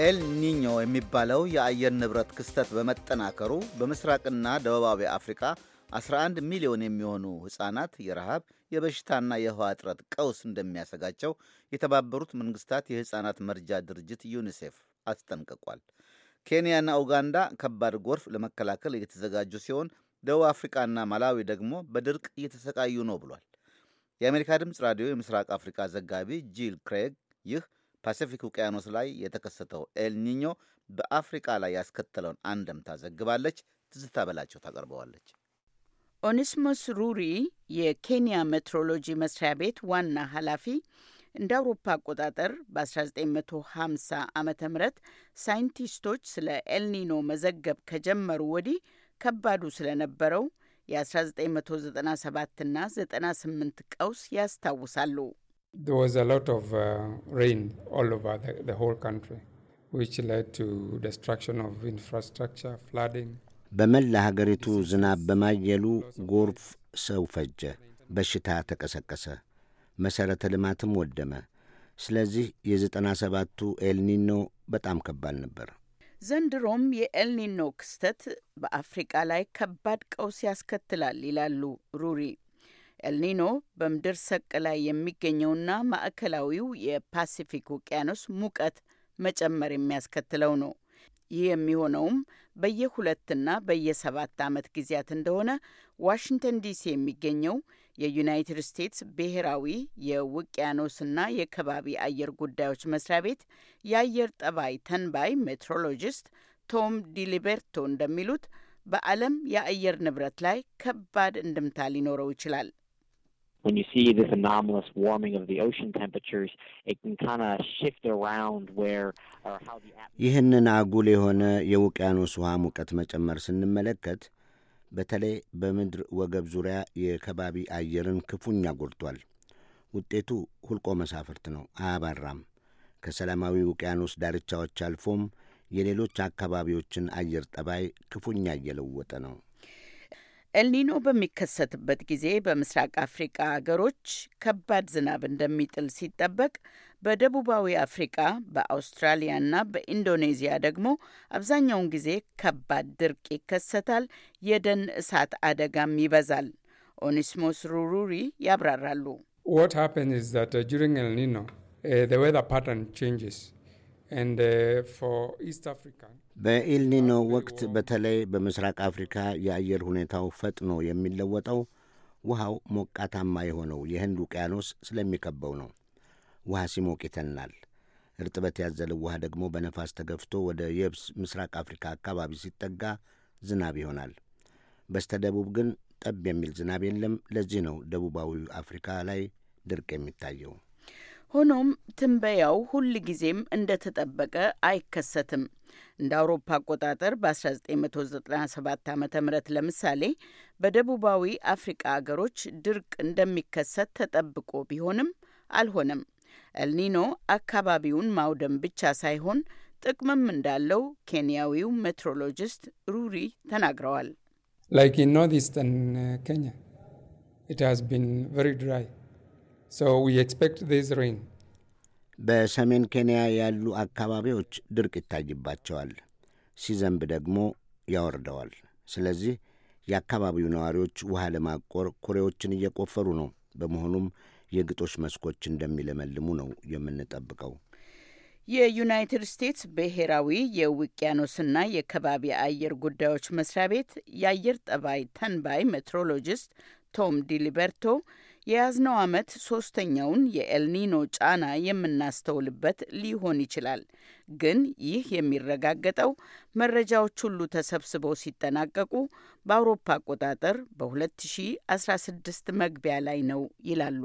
ኤል ኒኞ የሚባለው የአየር ንብረት ክስተት በመጠናከሩ በምስራቅና ደቡባዊ አፍሪካ 11 ሚሊዮን የሚሆኑ ሕፃናት የረሃብ የበሽታና የውሃ እጥረት ቀውስ እንደሚያሰጋቸው የተባበሩት መንግስታት የሕፃናት መርጃ ድርጅት ዩኒሴፍ አስጠንቅቋል። ኬንያና ኡጋንዳ ከባድ ጎርፍ ለመከላከል እየተዘጋጁ ሲሆን ደቡብ አፍሪካና ማላዊ ደግሞ በድርቅ እየተሰቃዩ ነው ብሏል። የአሜሪካ ድምፅ ራዲዮ የምስራቅ አፍሪካ ዘጋቢ ጂል ክሬግ ይህ ፓሲፊክ ውቅያኖስ ላይ የተከሰተው ኤልኒኞ በአፍሪቃ ላይ ያስከተለውን አንደምታ ዘግባለች። ትዝታ በላቸው ታቀርበዋለች። ኦኒስሞስ ሩሪ የኬንያ ሜትሮሎጂ መስሪያ ቤት ዋና ኃላፊ እንደ አውሮፓ አቆጣጠር በ1950 ዓ ም ሳይንቲስቶች ስለ ኤልኒኖ መዘገብ ከጀመሩ ወዲህ ከባዱ ስለነበረው የ1997ና 98 ቀውስ ያስታውሳሉ። There was a lot of uh, rain all over the, the whole country, which led to destruction of infrastructure, flooding. በመላ ሀገሪቱ ዝናብ በማየሉ ጎርፍ ሰው ፈጀ፣ በሽታ ተቀሰቀሰ፣ መሠረተ ልማትም ወደመ። ስለዚህ የዘጠና ሰባቱ ኤልኒኖ በጣም ከባድ ነበር። ዘንድሮም የኤልኒኖ ክስተት በአፍሪቃ ላይ ከባድ ቀውስ ያስከትላል ይላሉ ሩሪ። ኤልኒኖ በምድር ሰቅ ላይ የሚገኘውና ማዕከላዊው የፓሲፊክ ውቅያኖስ ሙቀት መጨመር የሚያስከትለው ነው። ይህ የሚሆነውም በየሁለትና በየሰባት ዓመት ጊዜያት እንደሆነ ዋሽንግተን ዲሲ የሚገኘው የዩናይትድ ስቴትስ ብሔራዊ የውቅያኖስና የከባቢ አየር ጉዳዮች መስሪያ ቤት የአየር ጠባይ ተንባይ ሜትሮሎጂስት ቶም ዲሊቤርቶ እንደሚሉት በዓለም የአየር ንብረት ላይ ከባድ እንድምታ ሊኖረው ይችላል። when you see this anomalous warming of the ocean temperatures, it can kind of shift around where or how the atmosphere ይህንን አጉል የሆነ የውቅያኖስ ውሃ ሙቀት መጨመር ስንመለከት በተለይ በምድር ወገብ ዙሪያ የከባቢ አየርን ክፉኛ ጎድቷል። ውጤቱ ሁልቆ መሳፍርት ነው፣ አያባራም። ከሰላማዊ ውቅያኖስ ዳርቻዎች አልፎም የሌሎች አካባቢዎችን አየር ጠባይ ክፉኛ እየለወጠ ነው። ኤልኒኖ በሚከሰትበት ጊዜ በምስራቅ አፍሪቃ አገሮች ከባድ ዝናብ እንደሚጥል ሲጠበቅ በደቡባዊ አፍሪቃ በአውስትራሊያና በኢንዶኔዚያ ደግሞ አብዛኛውን ጊዜ ከባድ ድርቅ ይከሰታል። የደን እሳት አደጋም ይበዛል። ኦኒስሞስ ሩሩሪ ያብራራሉ። What happened is that uh, during El Nino, uh, the weather pattern changes. Uh, በኤልኒኖ uh, ወቅት በተለይ በምስራቅ አፍሪካ የአየር ሁኔታው ፈጥኖ የሚለወጠው ውሃው ሞቃታማ የሆነው የህንድ ውቅያኖስ ስለሚከበው ነው። ውሃ ሲሞቅ ይተናል። እርጥበት ያዘለው ውሃ ደግሞ በነፋስ ተገፍቶ ወደ የብስ ምስራቅ አፍሪካ አካባቢ ሲጠጋ ዝናብ ይሆናል። በስተ ደቡብ ግን ጠብ የሚል ዝናብ የለም። ለዚህ ነው ደቡባዊ አፍሪካ ላይ ድርቅ የሚታየው። ሆኖም ትንበያው ሁል ጊዜም እንደተጠበቀ አይከሰትም። እንደ አውሮፓ አቆጣጠር በ1997 ዓ ም ለምሳሌ በደቡባዊ አፍሪቃ አገሮች ድርቅ እንደሚከሰት ተጠብቆ ቢሆንም አልሆነም። ኤልኒኖ አካባቢውን ማውደም ብቻ ሳይሆን ጥቅምም እንዳለው ኬንያዊው ሜትሮሎጂስት ሩሪ ተናግረዋል። ላይክ ኢን ኖርዝ ኢስተርን ኬንያ ኢት ሃዝ ቢን ቨሪ ድራይ በሰሜን ኬንያ ያሉ አካባቢዎች ድርቅ ይታይባቸዋል፣ ሲዘንብ ደግሞ ያወርደዋል። ስለዚህ የአካባቢው ነዋሪዎች ውሃ ለማቆር ኩሬዎችን እየቆፈሩ ነው። በመሆኑም የግጦሽ መስኮች እንደሚለመልሙ ነው የምንጠብቀው። የዩናይትድ ስቴትስ ብሔራዊ የውቅያኖስና የከባቢ አየር ጉዳዮች መስሪያ ቤት የአየር ጠባይ ተንባይ ሜትሮሎጂስት ቶም ዲሊበርቶ የያዝነው ዓመት ሶስተኛውን የኤልኒኖ ጫና የምናስተውልበት ሊሆን ይችላል። ግን ይህ የሚረጋገጠው መረጃዎች ሁሉ ተሰብስበው ሲጠናቀቁ በአውሮፓ አቆጣጠር በ2016 መግቢያ ላይ ነው ይላሉ።